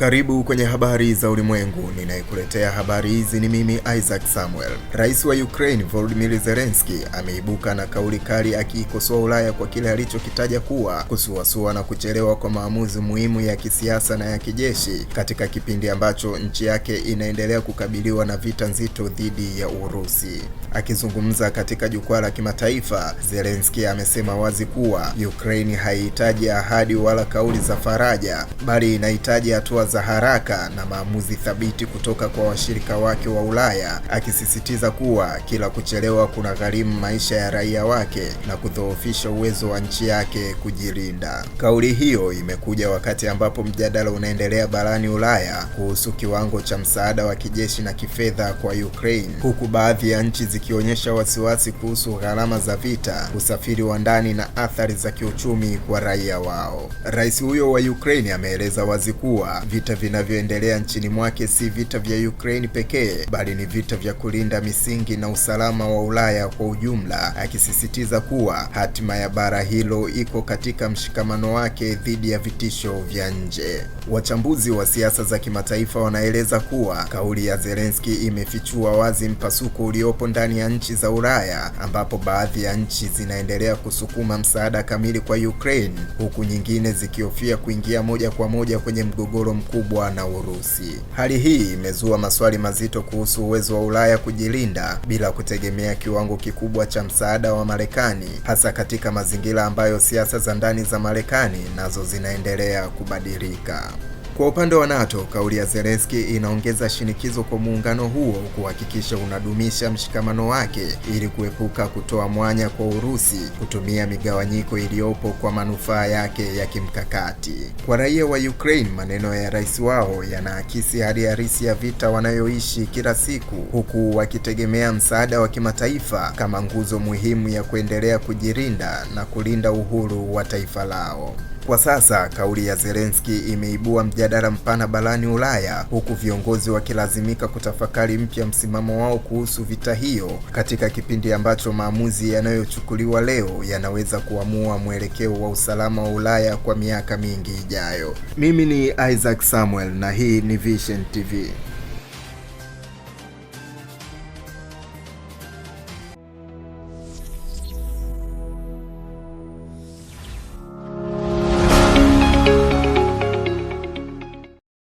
Karibu kwenye habari za ulimwengu. Ninayekuletea habari hizi ni mimi Isaac Samuel. Rais wa Ukraine Volodymyr Zelensky ameibuka na kauli kali akiikosoa Ulaya kwa kile alichokitaja kuwa kusuasua na kuchelewa kwa maamuzi muhimu ya kisiasa na ya kijeshi katika kipindi ambacho nchi yake inaendelea kukabiliwa na vita nzito dhidi ya Urusi. Akizungumza katika jukwaa la kimataifa, Zelensky amesema wazi kuwa Ukraine haihitaji ahadi wala kauli za faraja, bali inahitaji hatua za haraka na maamuzi thabiti kutoka kwa washirika wake wa Ulaya, akisisitiza kuwa kila kuchelewa kuna gharimu maisha ya raia wake na kudhoofisha uwezo wa nchi yake kujilinda. Kauli hiyo imekuja wakati ambapo mjadala unaendelea barani Ulaya kuhusu kiwango cha msaada wa kijeshi na kifedha kwa Ukraine, huku baadhi ya nchi zikionyesha wasiwasi kuhusu gharama za vita, usafiri wa ndani na athari za kiuchumi kwa raia wao. Rais huyo wa Ukraine ameeleza wazi kuwa vita vinavyoendelea nchini mwake si vita vya Ukraine pekee, bali ni vita vya kulinda misingi na usalama wa Ulaya kwa ujumla, akisisitiza kuwa hatima ya bara hilo iko katika mshikamano wake dhidi ya vitisho vya nje. Wachambuzi wa siasa za kimataifa wanaeleza kuwa kauli ya Zelensky imefichua wazi mpasuko uliopo ndani ya nchi za Ulaya, ambapo baadhi ya nchi zinaendelea kusukuma msaada kamili kwa Ukraine, huku nyingine zikihofia kuingia moja kwa moja kwenye mgogoro mkubwa mkubwa na Urusi. Hali hii imezua maswali mazito kuhusu uwezo wa Ulaya kujilinda bila kutegemea kiwango kikubwa cha msaada wa Marekani, hasa katika mazingira ambayo siasa za ndani za Marekani nazo zinaendelea kubadilika. Kwa upande wa NATO, kauli ya Zelensky inaongeza shinikizo kwa muungano huo kuhakikisha unadumisha mshikamano wake ili kuepuka kutoa mwanya kwa Urusi kutumia migawanyiko iliyopo kwa manufaa yake ya kimkakati. Kwa raia wa Ukraine, maneno ya rais wao yanaakisi hali halisi ya vita wanayoishi kila siku, huku wakitegemea msaada wa kimataifa kama nguzo muhimu ya kuendelea kujirinda na kulinda uhuru wa taifa lao. Kwa sasa kauli ya Zelensky imeibua mjadala mpana barani Ulaya, huku viongozi wakilazimika kutafakari mpya msimamo wao kuhusu vita hiyo, katika kipindi ambacho maamuzi yanayochukuliwa leo yanaweza kuamua mwelekeo wa usalama wa Ulaya kwa miaka mingi ijayo. Mimi ni Isaac Samuel na hii ni Vision TV.